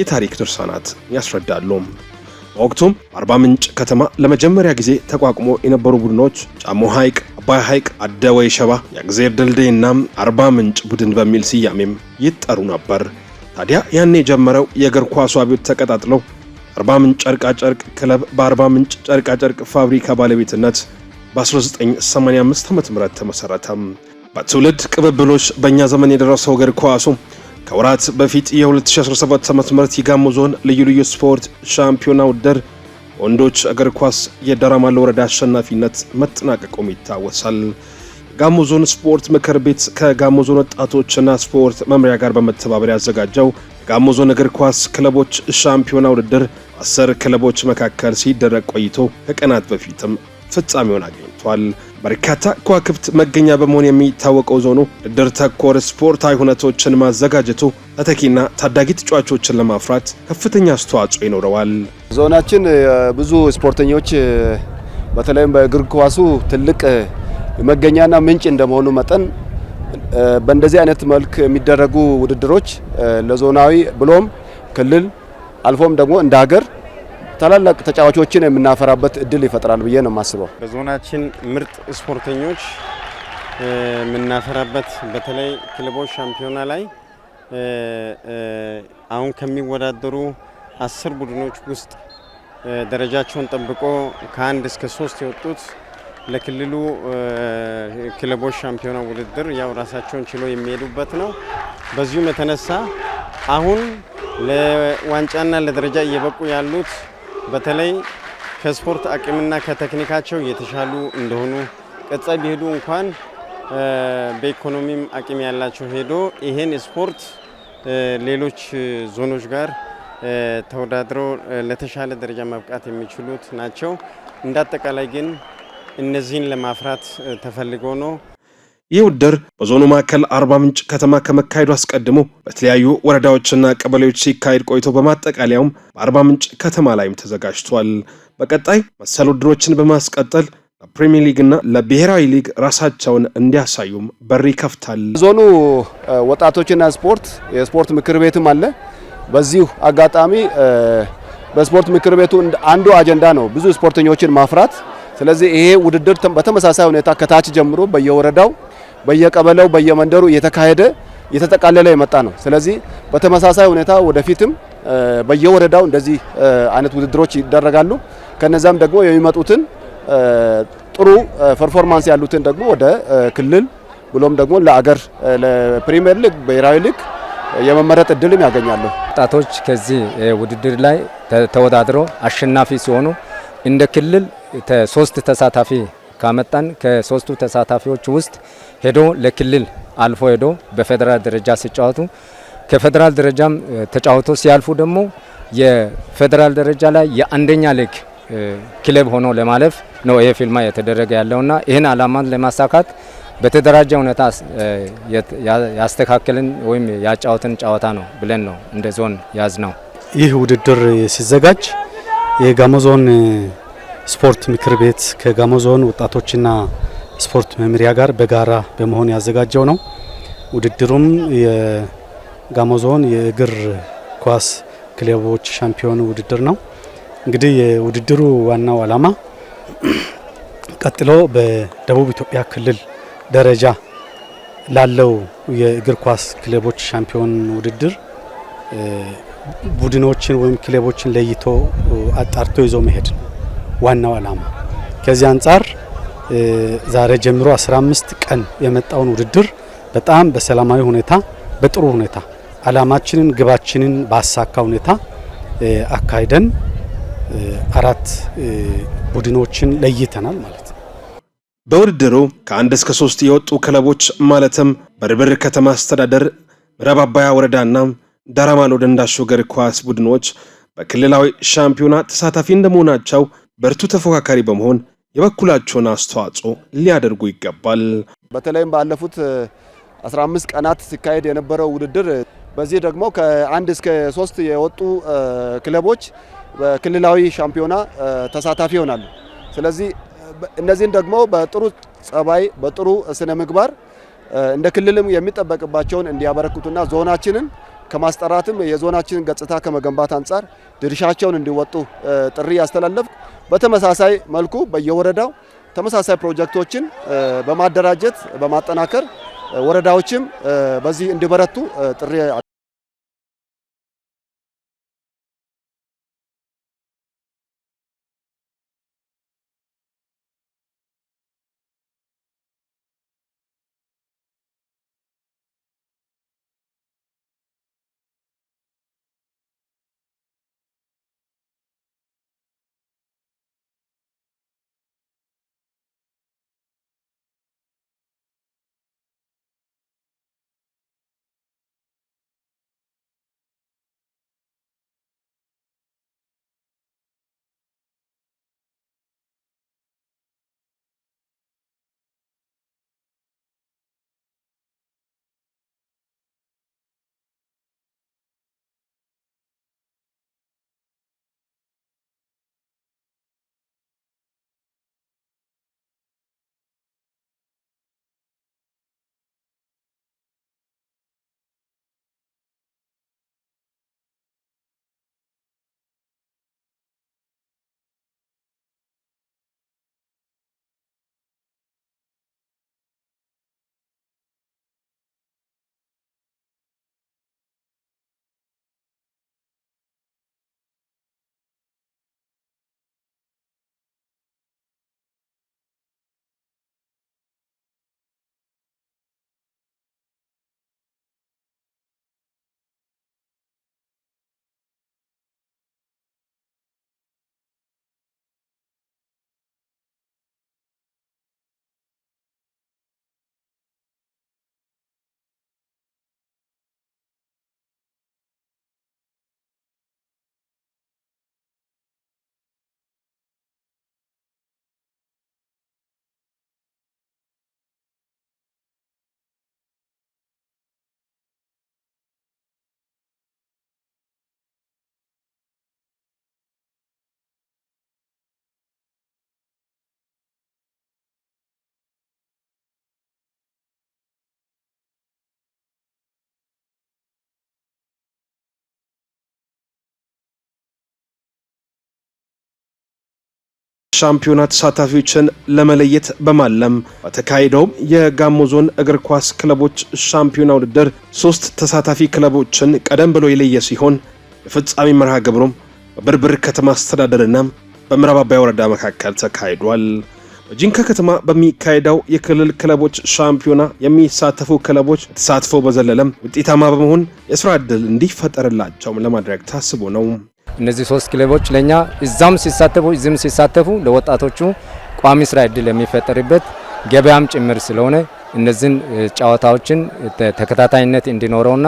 የታሪክ ድርሳናት ያስረዳሉ። በወቅቱም በአርባ ምንጭ ከተማ ለመጀመሪያ ጊዜ ተቋቁሞ የነበሩ ቡድኖች ጫሞ ሐይቅ፣ አባይ ሐይቅ፣ አደወይ ሸባ፣ የእግዜር ድልድይ እና አርባ ምንጭ ቡድን በሚል ስያሜም ይጠሩ ነበር። ታዲያ ያኔ የጀመረው የእግር ኳሱ አብዮት ተቀጣጥለው አርባ ምንጭ ጨርቃጨርቅ ክለብ በአርባ ምንጭ ጨርቃጨርቅ ፋብሪካ ባለቤትነት በ1985 ዓ.ም ተመሰረተ በትውልድ ቅብብሎች በእኛ ዘመን የደረሰው እግር ኳሱ ከወራት በፊት የ2017 ዓ.ም የጋሞ ዞን ልዩ ልዩ ስፖርት ሻምፒዮና ውድድር ወንዶች እግር ኳስ የደራማ ወረዳ አሸናፊነት መጠናቀቁም ይታወሳል። ጋሞ ዞን ስፖርት ምክር ቤት ከጋሞ ዞን ወጣቶችና ስፖርት መምሪያ ጋር በመተባበር ያዘጋጀው ጋሞ ዞን እግር ኳስ ክለቦች ሻምፒዮና ውድድር አስር ክለቦች መካከል ሲደረግ ቆይቶ ከቀናት በፊትም ፍጻሜውን አግኝቷል። በርካታ ከዋክብት መገኛ በመሆን የሚታወቀው ዞኑ ድር ተኮር ስፖርታዊ ሁነቶችን ማዘጋጀቱ ተተኪና ታዳጊ ተጫዋቾችን ለማፍራት ከፍተኛ አስተዋጽኦ ይኖረዋል። ዞናችን ብዙ ስፖርተኞች በተለይም በእግር ኳሱ ትልቅ መገኛና ምንጭ እንደመሆኑ መጠን በእንደዚህ አይነት መልክ የሚደረጉ ውድድሮች ለዞናዊ ብሎም ክልል አልፎም ደግሞ እንደ ሀገር ታላላቅ ተጫዋቾችን የምናፈራበት እድል ይፈጥራል ብዬ ነው የማስበው። በዞናችን ምርጥ ስፖርተኞች የምናፈራበት በተለይ ክለቦች ሻምፒዮና ላይ አሁን ከሚወዳደሩ አስር ቡድኖች ውስጥ ደረጃቸውን ጠብቆ ከአንድ እስከ ሶስት የወጡት ለክልሉ ክለቦች ሻምፒዮና ውድድር ያው ራሳቸውን ችሎ የሚሄዱበት ነው። በዚሁም የተነሳ አሁን ለዋንጫና ለደረጃ እየበቁ ያሉት በተለይ ከስፖርት አቅምና ከቴክኒካቸው የተሻሉ እንደሆኑ ቀጣይ ቢሄዱ እንኳን በኢኮኖሚም አቅም ያላቸው ሄዶ ይሄን ስፖርት ሌሎች ዞኖች ጋር ተወዳድረው ለተሻለ ደረጃ ማብቃት የሚችሉት ናቸው። እንዳጠቃላይ ግን እነዚህን ለማፍራት ተፈልጎ ነው። ይህ ውድድር በዞኑ ማዕከል አርባ ምንጭ ከተማ ከመካሄዱ አስቀድሞ በተለያዩ ወረዳዎችና ቀበሌዎች ሲካሄድ ቆይቶ በማጠቃለያውም በአርባ ምንጭ ከተማ ላይም ተዘጋጅቷል። በቀጣይ መሰል ውድድሮችን በማስቀጠል ለፕሪሚየር ሊግና ለብሔራዊ ሊግ ራሳቸውን እንዲያሳዩም በር ይከፍታል። ዞኑ ወጣቶችና ስፖርት የስፖርት ምክር ቤትም አለ። በዚሁ አጋጣሚ በስፖርት ምክር ቤቱ አንዱ አጀንዳ ነው ብዙ ስፖርተኞችን ማፍራት። ስለዚህ ይሄ ውድድር በተመሳሳይ ሁኔታ ከታች ጀምሮ በየወረዳው በየቀበሌው በየመንደሩ እየተካሄደ እየተጠቃለለ የመጣ ነው። ስለዚህ በተመሳሳይ ሁኔታ ወደፊትም በየወረዳው እንደዚህ አይነት ውድድሮች ይደረጋሉ። ከነዛም ደግሞ የሚመጡትን ጥሩ ፐርፎርማንስ ያሉትን ደግሞ ወደ ክልል ብሎም ደግሞ ለአገር ለፕሪሚየር ሊግ ብሔራዊ ሊግ የመመረጥ እድልም ያገኛሉ። ወጣቶች ከዚህ ውድድር ላይ ተወዳድሮ አሸናፊ ሲሆኑ እንደ ክልል ሶስት ተሳታፊ ካመጣን ከሶስቱ ተሳታፊዎች ውስጥ ሄዶ ለክልል አልፎ ሄዶ በፌዴራል ደረጃ ሲጫወቱ ከፌዴራል ደረጃም ተጫውቶ ሲያልፉ ደግሞ የፌዴራል ደረጃ ላይ የአንደኛ ሊግ ክለብ ሆኖ ለማለፍ ነው ይሄ ፊልማ የተደረገ ያለውና ይህን አላማን ለማሳካት በተደራጀ ሁኔታ ያስተካከልን ወይም ያጫወትን ጨዋታ ነው ብለን ነው እንደ ዞን ያዝ ነው። ይህ ውድድር ሲዘጋጅ የጋሞ ዞን ስፖርት ምክር ቤት ከጋሞ ዞን ወጣቶችና ስፖርት መምሪያ ጋር በጋራ በመሆን ያዘጋጀው ነው። ውድድሩም የጋሞ ዞን የእግር ኳስ ክለቦች ሻምፒዮን ውድድር ነው። እንግዲህ የውድድሩ ዋናው ዓላማ ቀጥሎ በደቡብ ኢትዮጵያ ክልል ደረጃ ላለው የእግር ኳስ ክለቦች ሻምፒዮን ውድድር ቡድኖችን ወይም ክለቦችን ለይቶ አጣርቶ ይዞ መሄድ ነው። ዋናው ዓላማ። ከዚህ አንጻር ዛሬ ጀምሮ 15 ቀን የመጣውን ውድድር በጣም በሰላማዊ ሁኔታ በጥሩ ሁኔታ ዓላማችንን ግባችንን ባሳካ ሁኔታ አካሂደን አራት ቡድኖችን ለይተናል ማለት ነው። በውድድሩ ከአንድ እስከ ሶስት የወጡ ክለቦች ማለትም በርብር ከተማ አስተዳደር፣ ምዕራብ አባያ ወረዳና ዳራማሎ ደንዳሾ እግር ኳስ ቡድኖች በክልላዊ ሻምፒዮና ተሳታፊ እንደመሆናቸው ብርቱ ተፎካካሪ በመሆን የበኩላቸውን አስተዋጽኦ ሊያደርጉ ይገባል። በተለይም ባለፉት 15 ቀናት ሲካሄድ የነበረው ውድድር በዚህ ደግሞ ከአንድ እስከ ሶስት የወጡ ክለቦች በክልላዊ ሻምፒዮና ተሳታፊ ይሆናሉ። ስለዚህ እነዚህን ደግሞ በጥሩ ጸባይ፣ በጥሩ ስነ ምግባር እንደ ክልልም የሚጠበቅባቸውን እንዲያበረክቱና ዞናችንን ከማስጠራትም የዞናችንን ገጽታ ከመገንባት አንጻር ድርሻቸውን እንዲወጡ ጥሪ ያስተላለፍኩ። በተመሳሳይ መልኩ በየወረዳው ተመሳሳይ ፕሮጀክቶችን በማደራጀት በማጠናከር ወረዳዎችም በዚህ እንዲበረቱ ጥሪ ሻምፒዮና ተሳታፊዎችን ለመለየት በማለም በተካሄደውም የጋሞ ዞን እግር ኳስ ክለቦች ሻምፒዮና ውድድር ሶስት ተሳታፊ ክለቦችን ቀደም ብሎ የለየ ሲሆን የፍጻሜ መርሃ ግብሩም በብርብር ከተማ አስተዳደርና በምዕራብ አባይ ወረዳ መካከል ተካሂዷል። በጂንካ ከተማ በሚካሄደው የክልል ክለቦች ሻምፒዮና የሚሳተፉ ክለቦች ተሳትፎ በዘለለም ውጤታማ በመሆን የስራ ዕድል እንዲፈጠርላቸውም ለማድረግ ታስቦ ነው። እነዚህ ሶስት ክለቦች ለእኛ እዛም ሲሳተፉ እዚህም ሲሳተፉ ለወጣቶቹ ቋሚ ስራ እድል የሚፈጠርበት ገበያም ጭምር ስለሆነ እነዚህን ጨዋታዎችን ተከታታይነት እንዲኖረውና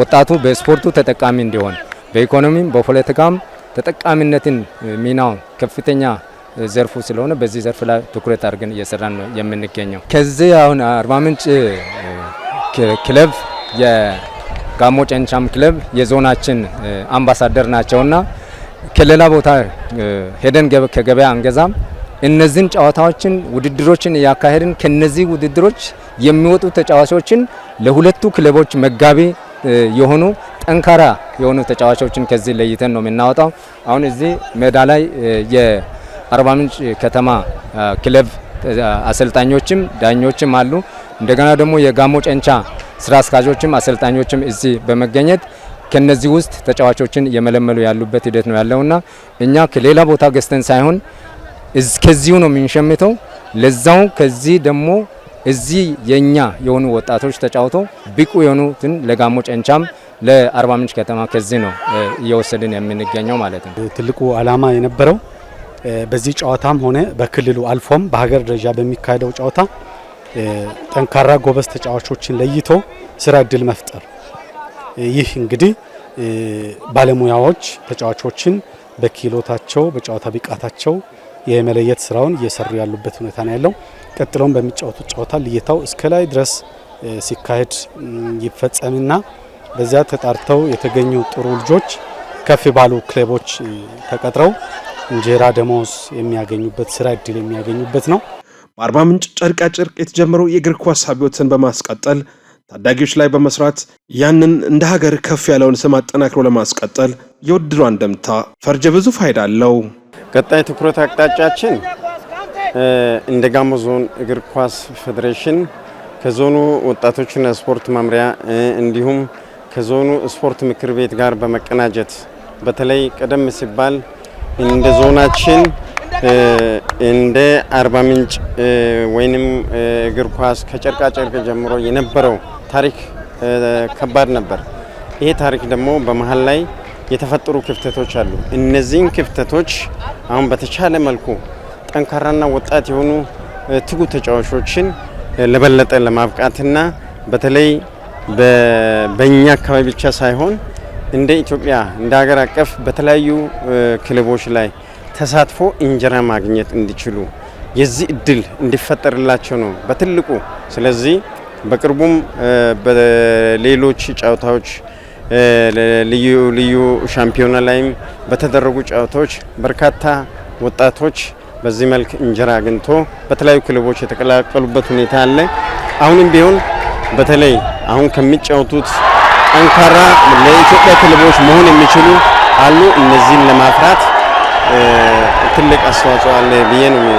ወጣቱ በስፖርቱ ተጠቃሚ እንዲሆን በኢኮኖሚም በፖለቲካም ተጠቃሚነትን ሚናው ከፍተኛ ዘርፉ ስለሆነ በዚህ ዘርፍ ላይ ትኩረት አድርገን እየሰራን ነው የምንገኘው። ከዚህ አሁን አርባ ምንጭ ክለብ ጋሞ ጨንቻም ክለብ የዞናችን አምባሳደር ናቸውና ከሌላ ቦታ ሄደን ከገበያ አንገዛም። እነዚህን ጨዋታዎችን ውድድሮችን እያካሄድን ከነዚህ ውድድሮች የሚወጡ ተጫዋቾችን ለሁለቱ ክለቦች መጋቢ የሆኑ ጠንካራ የሆኑ ተጫዋቾችን ከዚህ ለይተን ነው የምናወጣው። አሁን እዚህ ሜዳ ላይ የአርባ ምንጭ ከተማ ክለብ አሰልጣኞችም ዳኞችም አሉ። እንደገና ደግሞ የጋሞ ጨንቻ ስራ አስኪያጆችም አሰልጣኞችም እዚህ በመገኘት ከነዚህ ውስጥ ተጫዋቾችን የመለመሉ ያሉበት ሂደት ነው ያለውና እኛ ከሌላ ቦታ ገዝተን ሳይሆን ከዚሁ ነው የምንሸምተው። ለዛው ከዚህ ደግሞ እዚህ የኛ የሆኑ ወጣቶች ተጫውተው ብቁ የሆኑትን ለጋሞ ጨንቻም ለአርባ ምንጭ ከተማ ከዚህ ነው እየወሰድን የምንገኘው ማለት ነው። ትልቁ ዓላማ የነበረው በዚህ ጨዋታም ሆነ በክልሉ አልፎም በሀገር ደረጃ በሚካሄደው ጨዋታ ጠንካራ ጎበዝ ተጫዋቾችን ለይቶ ስራ እድል መፍጠር። ይህ እንግዲህ ባለሙያዎች ተጫዋቾችን በኪሎታቸው በጨዋታ ብቃታቸው የመለየት ስራውን እየሰሩ ያሉበት ሁኔታ ነው ያለው። ቀጥሎም በሚጫወቱት ጨዋታ ልየታው እስከ ላይ ድረስ ሲካሄድ ይፈጸምና በዚያ ተጣርተው የተገኙ ጥሩ ልጆች ከፍ ባሉ ክለቦች ተቀጥረው እንጀራ ደሞዝ የሚያገኙበት ስራ እድል የሚያገኙበት ነው። በአርባ ምንጭ ጨርቃ የተጀመረው የእግር ኳስ አብዮትን በማስቀጠል ታዳጊዎች ላይ በመስራት ያንን እንደ ሀገር ከፍ ያለውን ስም አጠናክሮ ለማስቀጠል የውድድሩ አንደምታ ፈርጀ ብዙ ፋይዳ አለው። ቀጣይ ትኩረት አቅጣጫችን እንደ ጋሞ ዞን እግር ኳስ ፌዴሬሽን ከዞኑ ወጣቶችና ስፖርት መምሪያ እንዲሁም ከዞኑ ስፖርት ምክር ቤት ጋር በመቀናጀት በተለይ ቀደም ሲባል እንደ ዞናችን እንደ አርባ ምንጭ ወይንም እግር ኳስ ከጨርቃ ጨርቅ ጀምሮ የነበረው ታሪክ ከባድ ነበር። ይሄ ታሪክ ደግሞ በመሀል ላይ የተፈጠሩ ክፍተቶች አሉ። እነዚህን ክፍተቶች አሁን በተቻለ መልኩ ጠንካራና ወጣት የሆኑ ትጉ ተጫዋቾችን ለበለጠ ለማብቃትና በተለይ በእኛ አካባቢ ብቻ ሳይሆን እንደ ኢትዮጵያ እንደ ሀገር አቀፍ በተለያዩ ክለቦች ላይ ተሳትፎ እንጀራ ማግኘት እንዲችሉ የዚህ እድል እንዲፈጠርላቸው ነው በትልቁ። ስለዚህ በቅርቡም በሌሎች ጨዋታዎች ልዩ ልዩ ሻምፒዮና ላይም በተደረጉ ጨዋታዎች በርካታ ወጣቶች በዚህ መልክ እንጀራ አግኝቶ በተለያዩ ክለቦች የተቀላቀሉበት ሁኔታ አለ። አሁንም ቢሆን በተለይ አሁን ከሚጫወቱት ጠንካራ ለኢትዮጵያ ክለቦች መሆን የሚችሉ አሉ። እነዚህን ለማፍራት ትልቅ አስተዋጽኦ አለ ብዬ ነው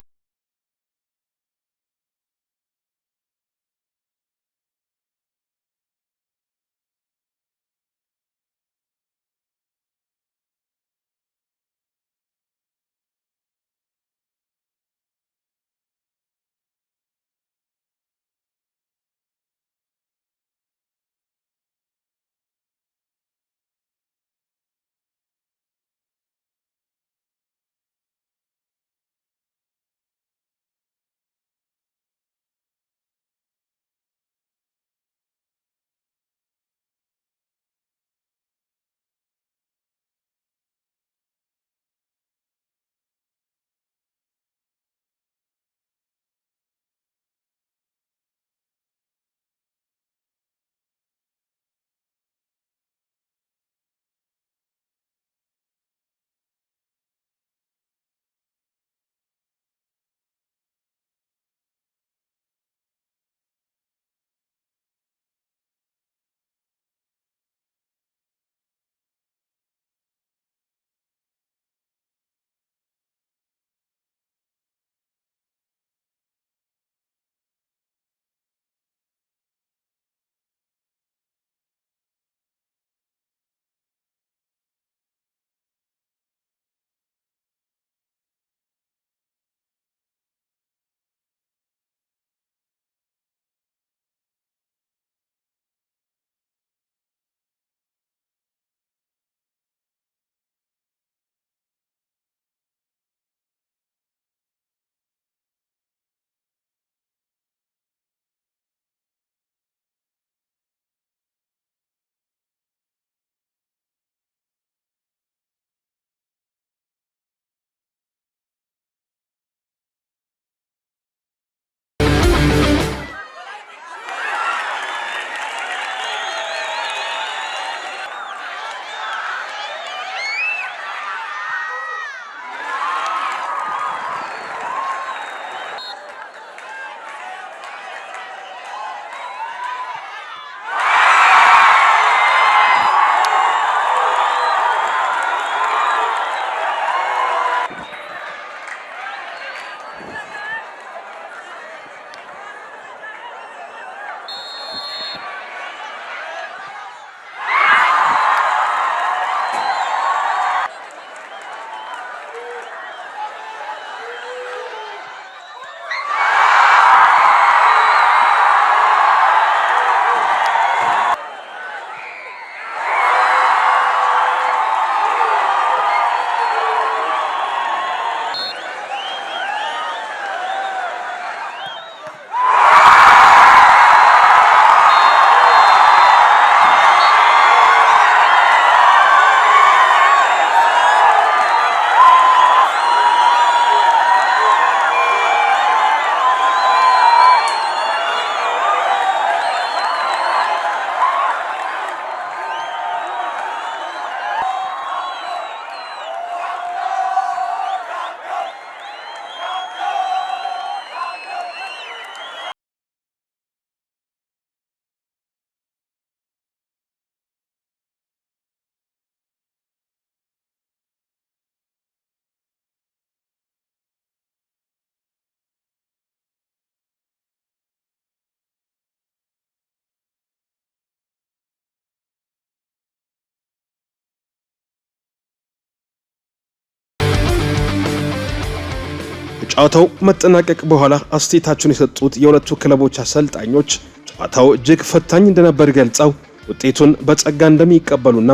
ከጨዋታው መጠናቀቅ በኋላ አስተያየታቸውን የሰጡት የሁለቱ ክለቦች አሰልጣኞች ጨዋታው እጅግ ፈታኝ እንደነበር ገልጸው ውጤቱን በጸጋ እንደሚቀበሉና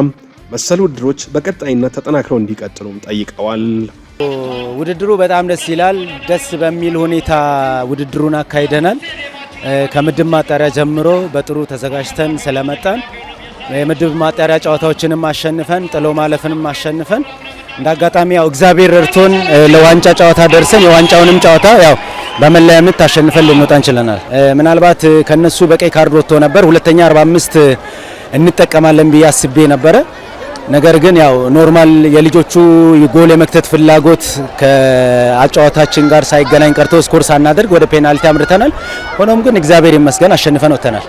መሰል ውድድሮች በቀጣይነት ተጠናክረው እንዲቀጥሉም ጠይቀዋል። ውድድሩ በጣም ደስ ይላል። ደስ በሚል ሁኔታ ውድድሩን አካሂደናል። ከምድብ ማጣሪያ ጀምሮ በጥሩ ተዘጋጅተን ስለመጣን የምድብ ማጣሪያ ጨዋታዎችንም አሸንፈን ጥሎ ማለፍንም አሸንፈን እንደ አጋጣሚ ያው እግዚአብሔር እርቶን ለዋንጫ ጨዋታ ደርሰን የዋንጫውንም ጨዋታ ያው በመለያ ምት አሸንፈን ልንወጣ እንችለናል። ምናልባት ከነሱ በቀይ ካርድ ወጥቶ ነበር። ሁለተኛ 45 እንጠቀማለን ብዬ አስቤ ነበረ። ነገር ግን ያው ኖርማል የልጆቹ ጎል የመክተት ፍላጎት ከአጫዋታችን ጋር ሳይገናኝ ቀርቶ ስኮር ሳናደርግ ወደ ፔናልቲ አምርተናል። ሆኖም ግን እግዚአብሔር ይመስገን አሸንፈን ወጥተናል።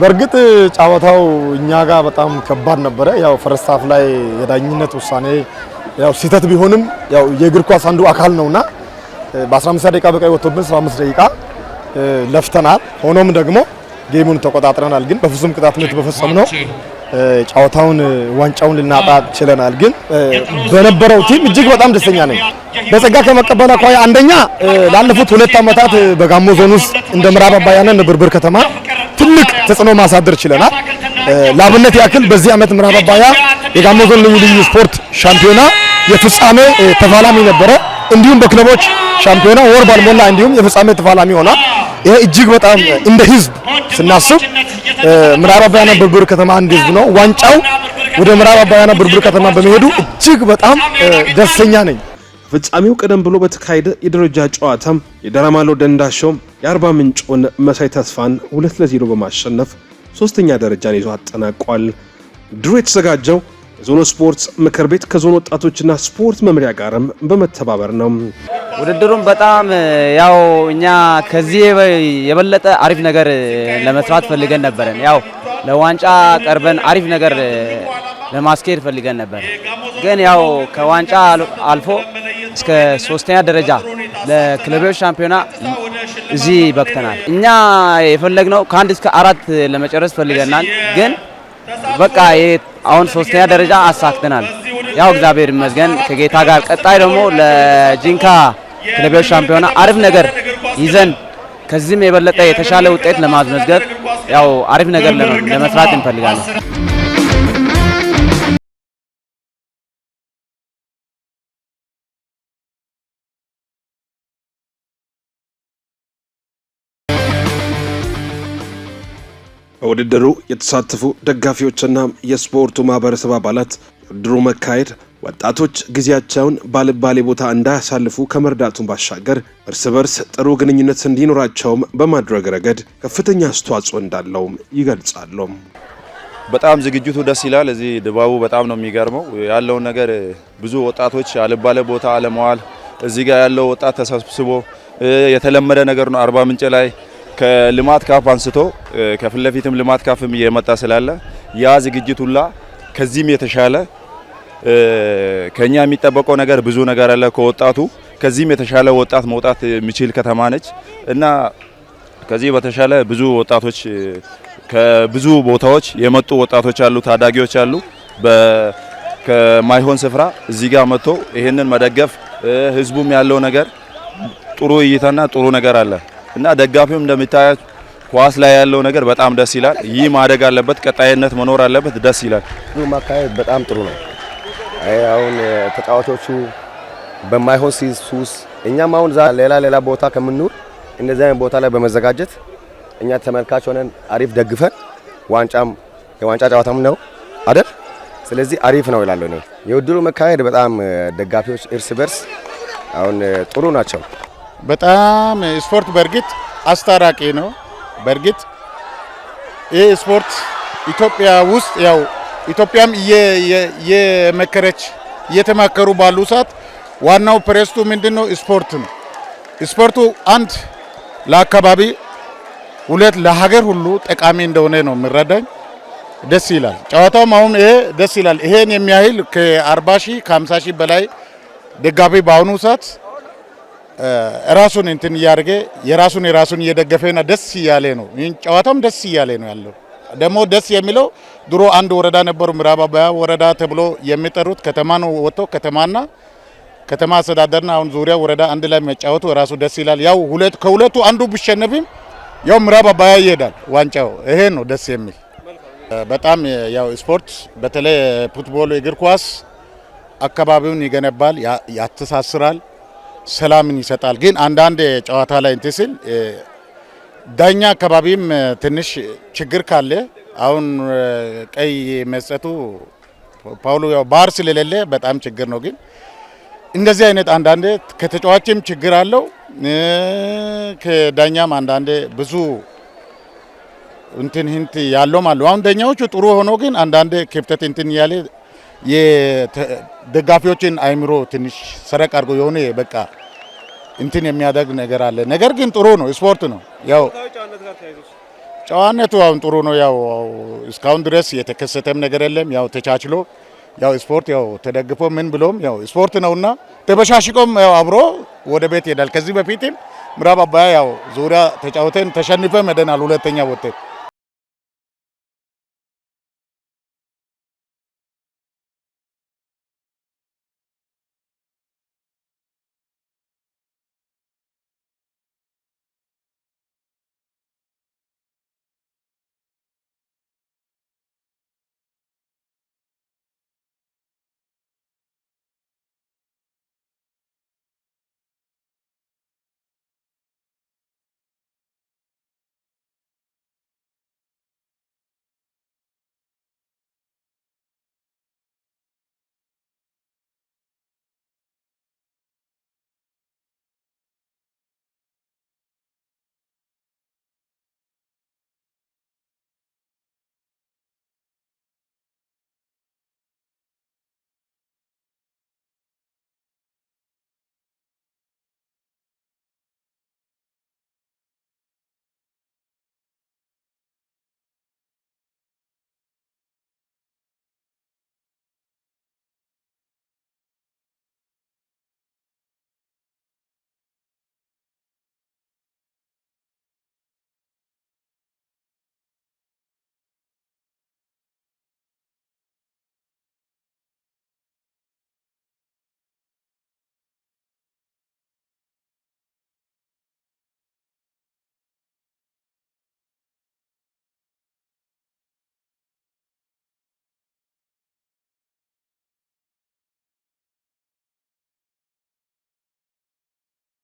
በእርግጥ ጨዋታው እኛ ጋር በጣም ከባድ ነበረ። ያው ፈረስታፍ ላይ የዳኝነት ውሳኔ ያው ስህተት ቢሆንም ያው የእግር ኳስ አንዱ አካል ነውና በ15 ደቂቃ በቀይ ወጥቶብን 15 ደቂቃ ለፍተናል። ሆኖም ደግሞ ጌሙን ተቆጣጥረናል። ግን በፍጹም ቅጣት ምት ነው ጨዋታውን ዋንጫውን ልናጣ ችለናል። ግን በነበረው ቲም እጅግ በጣም ደስተኛ ነኝ። በጸጋ ከመቀበል አኳያ አንደኛ ላለፉት ሁለት ዓመታት በጋሞ ዞን ውስጥ እንደ ምዕራብ አባያና እንደ ከተማ ትልቅ ተጽዕኖ ማሳደር ችለናል። ለአብነት ያክል በዚህ ዓመት ምዕራብ አባያ የጋሞ ዞን ልዩ ልዩ ስፖርት ሻምፒዮና የፍጻሜ ተፋላሚ ነበረ። እንዲሁም በክለቦች ሻምፒዮና ወር ባልሞላ እንዲሁም የፍጻሜ ተፋላሚ ሆኗል። ይሄ እጅግ በጣም እንደ ህዝብ ስናስብ ምዕራብ አባያና ብርብር ከተማ አንድ ህዝብ ነው። ዋንጫው ወደ ምዕራብ አባያና ብርብር ከተማ በመሄዱ እጅግ በጣም ደስተኛ ነኝ። ፍጻሜው ቀደም ብሎ በተካሄደ የደረጃ ጨዋታ የደራማሎ ደንዳሾ የአርባ ምንጮን መሳይ ተስፋን ሁለት ለዜሮ በማሸነፍ ሶስተኛ ደረጃን ይዞ አጠናቋል። ድሮ የተዘጋጀው የዞኖ ስፖርት ምክር ቤት ከዞኑ ወጣቶችና ስፖርት መምሪያ ጋርም በመተባበር ነው። ውድድሩም በጣም ያው እኛ ከዚህ የበለጠ አሪፍ ነገር ለመስራት ፈልገን ነበረን። ያው ለዋንጫ ቀርበን አሪፍ ነገር ለማስኬድ ፈልገን ነበር፣ ግን ያው ከዋንጫ አልፎ እስከ ሶስተኛ ደረጃ ለክለቦች ሻምፒዮና እዚህ በቅተናል። እኛ የፈለግነው ከአንድ እስከ አራት ለመጨረስ ፈልገናል፣ ግን በቃ አሁን ሶስተኛ ደረጃ አሳክተናል። ያው እግዚአብሔር ይመስገን ከጌታ ጋር። ቀጣይ ደግሞ ለጂንካ ክለቦች ሻምፒዮና አሪፍ ነገር ይዘን ከዚህም የበለጠ የተሻለ ውጤት ለማስመዝገብ ያው አሪፍ ነገር ለመስራት እንፈልጋለን። በውድድሩ የተሳተፉ ደጋፊዎችና የስፖርቱ ማህበረሰብ አባላት ውድድሩ መካሄድ ወጣቶች ጊዜያቸውን ባልባሌ ቦታ እንዳያሳልፉ ከመርዳቱን ባሻገር እርስ በርስ ጥሩ ግንኙነት እንዲኖራቸውም በማድረግ ረገድ ከፍተኛ አስተዋጽኦ እንዳለውም ይገልጻሉ። በጣም ዝግጅቱ ደስ ይላል። እዚህ ድባቡ በጣም ነው የሚገርመው ያለውን ነገር ብዙ ወጣቶች አልባለ ቦታ አለመዋል እዚህ ጋር ያለው ወጣት ተሰብስቦ የተለመደ ነገር ነው። አርባ ምንጭ ላይ ከልማት ካፍ አንስቶ ከፊት ለፊትም ልማት ካፍም እየመጣ ስላለ ያ ዝግጅት ሁላ ከዚህም የተሻለ ከኛ የሚጠበቀው ነገር ብዙ ነገር አለ። ከወጣቱ ከዚህም የተሻለ ወጣት መውጣት የሚችል ከተማ ነች እና ከዚህ በተሻለ ብዙ ወጣቶች ከብዙ ቦታዎች የመጡ ወጣቶች አሉ፣ ታዳጊዎች አሉ። ከማይሆን ስፍራ እዚህ ጋር መጥቶ ይህንን መደገፍ ህዝቡም ያለው ነገር ጥሩ እይታና ጥሩ ነገር አለ። እና ደጋፊውም እንደምታያት ኳስ ላይ ያለው ነገር በጣም ደስ ይላል። ይህ ማደግ አለበት፣ ቀጣይነት መኖር አለበት። ደስ ይላል። ማካሄድ በጣም ጥሩ ነው። አሁን ተጫዋቾቹ በማይሆን ሱስ እኛም አሁን ሌላ ሌላ ቦታ ከምንውል እንደዚህ አይነት ቦታ ላይ በመዘጋጀት እኛ ተመልካች ሆነን አሪፍ ደግፈን ዋንጫም የዋንጫ ጨዋታም ነው አይደል? ስለዚህ አሪፍ ነው ይላለሁ ነው መካሄድ በጣም ደጋፊዎች እርስ በርስ አሁን ጥሩ ናቸው። በጣም ስፖርት በእርግጥ አስታራቂ ነው። በእርግጥ ይህ ስፖርት ኢትዮጵያ ውስጥ ያው ኢትዮጵያም የመከረች እየተማከሩ ባሉ ሰዓት ዋናው ፕሬስቱ ምንድን ነው? ስፖርት ነው። ስፖርቱ አንድ ለአካባቢ፣ ሁለት ለሀገር ሁሉ ጠቃሚ እንደሆነ ነው የምረዳኝ። ደስ ይላል ጨዋታውም፣ አሁን ይሄ ደስ ይላል። ይሄን የሚያህል ከ40 ሺህ ከ50 ሺህ በላይ ደጋፊ በአሁኑ ሰዓት ራሱን እንትን እያደረገ የራሱን የራሱን እየደገፈና ደስ እያለ ነው። ይህን ጨዋታም ደስ እያለ ነው ያለው። ደግሞ ደስ የሚለው ድሮ አንድ ወረዳ ነበሩ ምዕራብ አባያ ወረዳ ተብሎ የሚጠሩት ከተማ ነው ወጥቶ ከተማና ከተማ አስተዳደርና አሁን ዙሪያ ወረዳ አንድ ላይ መጫወቱ ራሱ ደስ ይላል። ያው ሁለት ከሁለቱ አንዱ ቢሸነፍም ያው ምዕራብ አባያ ይሄዳል ዋንጫው። ይሄ ነው ደስ የሚል በጣም ያው ስፖርት በተለይ ፉትቦል፣ እግር ኳስ አካባቢውን ይገነባል፣ ያተሳስራል። ሰላምን ይሰጣል። ግን አንዳንድ ጨዋታ ላይ እንትን ዳኛ አካባቢም ትንሽ ችግር ካለ አሁን ቀይ መስጠቱ ፓውሎ ያው ባር ስለሌለ በጣም ችግር ነው። ግን እንደዚህ አይነት አንዳንዴ ከተጫዋችም ችግር አለው ከዳኛም አንዳንዴ ብዙ እንትን ህንት ያለው ማለት አሁን ዳኛዎቹ ጥሩ ሆኖ ግን አንዳንዴ ክፍተት እንትን እያለ የደጋፊዎችን አይምሮ ትንሽ ሰረቅ አድርጎ የሆነ በቃ እንትን የሚያደግ ነገር አለ። ነገር ግን ጥሩ ነው፣ ስፖርት ነው። ያው ጨዋነቱ አሁን ጥሩ ነው። ያው እስካሁን ድረስ የተከሰተም ነገር የለም። ያው ተቻችሎ ያው ስፖርት ያው ተደግፎ ምን ብሎም ያው ስፖርት ነውና ተበሻሽቆም ያው አብሮ ወደ ቤት ይሄዳል። ከዚህ በፊትም ምዕራብ አባያ ያው ዙሪያ ተጫውተን ተሸንፈ መደናል ሁለተኛ ወጥተን